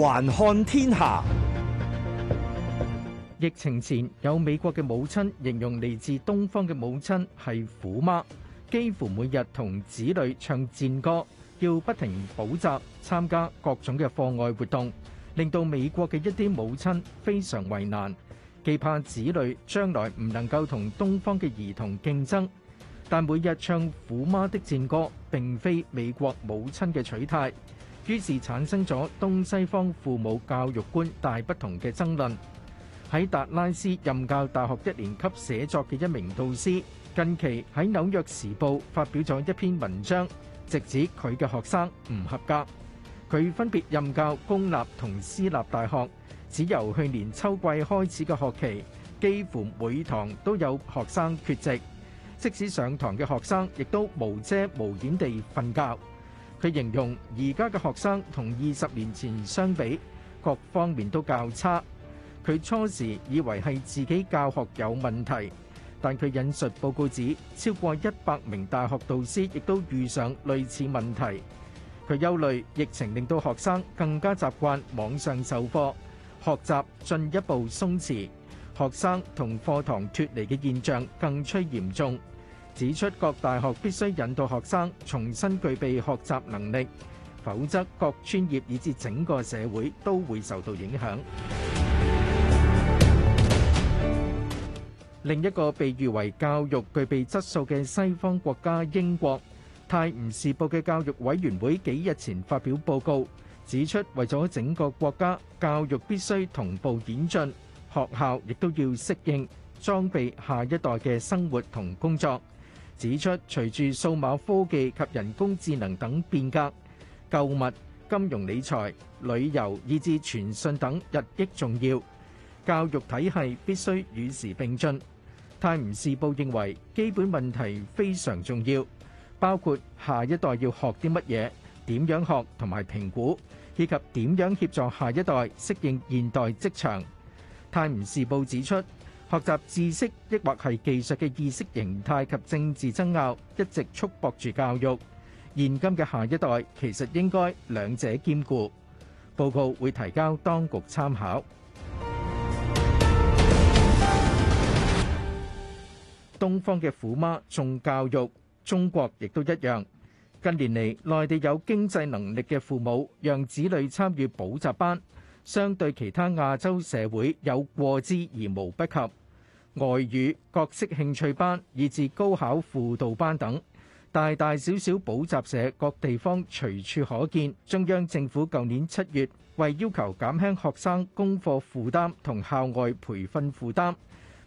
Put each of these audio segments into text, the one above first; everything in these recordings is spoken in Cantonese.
環看天下，疫情前有美國嘅母親形容嚟自東方嘅母親係虎媽，幾乎每日同子女唱戰歌，要不停補習、參加各種嘅課外活動，令到美國嘅一啲母親非常為難，既怕子女將來唔能夠同東方嘅兒童競爭，但每日唱虎媽的戰歌，並非美國母親嘅取態。於是產生咗東西方父母教育觀大不同嘅爭論。喺達拉斯任教大學一年級寫作嘅一名導師，近期喺《紐約時報》發表咗一篇文章，直指佢嘅學生唔合格。佢分別任教公立同私立大學，只由去年秋季開始嘅學期，幾乎每堂都有學生缺席，即使上堂嘅學生，亦都無遮無掩地瞓覺。佢形容而家嘅學生同二十年前相比，各方面都較差。佢初時以為係自己教學有問題，但佢引述報告指，超過一百名大學導師亦都遇上類似問題。佢憂慮疫情令到學生更加習慣網上授課，學習進一步鬆弛，學生同課堂脱離嘅現象更趨嚴重。指出，各大學必須引導學生重新具備學習能力，否則各專業以至整個社會都會受到影響。另一個被譽為教育具備質素嘅西方國家英國，《泰晤士報》嘅教育委員會幾日前發表報告，指出為咗整個國家教育必須同步演進，學校亦都要適應裝備下一代嘅生活同工作。指出，隨住數碼科技及人工智能等變革，購物、金融理財、旅遊以至傳訊等日益重要，教育體系必須與時並進。泰晤士報認為，基本問題非常重要，包括下一代要學啲乜嘢、點樣學同埋評估，以及點樣協助下一代適應現代職場。泰晤士報指出，學習知識，抑或係技術嘅意識形態及政治爭拗，一直束縛住教育。現今嘅下一代其實應該兩者兼顧。報告會提交當局參考。東方嘅虎媽重教育，中國亦都一樣。近年嚟，內地有經濟能力嘅父母，讓子女參與補習班，相對其他亞洲社會有過之而無不及。外語、各式興趣班，以至高考輔導班等，大大小小補習社，各地方隨處可見。中央政府舊年七月為要求減輕學生功課負擔同校外培訓負擔，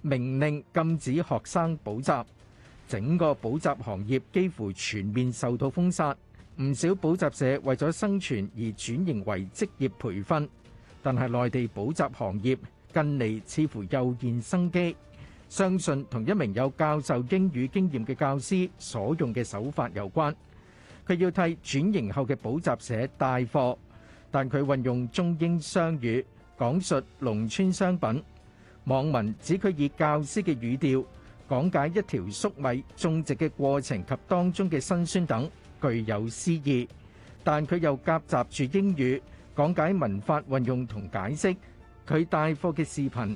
明令禁止學生補習，整個補習行業幾乎全面受到封殺。唔少補習社為咗生存而轉型為職業培訓，但係內地補習行業近嚟，似乎又現生機。相信同一名有教授英語經驗嘅教師所用嘅手法有關。佢要替轉型後嘅補習社帶貨，但佢運用中英雙語講述農村商品。網民指佢以教師嘅語調講解一條粟米種植嘅過程及當中嘅辛酸等，具有詩意。但佢又夾雜住英語講解文法運用同解釋佢帶貨嘅視頻。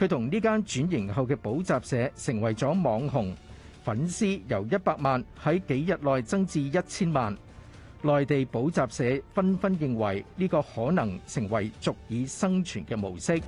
佢同呢間轉型後嘅補習社成為咗網紅，粉絲由一百萬喺幾日內增至一千萬。內地補習社紛紛認為呢個可能成為足以生存嘅模式。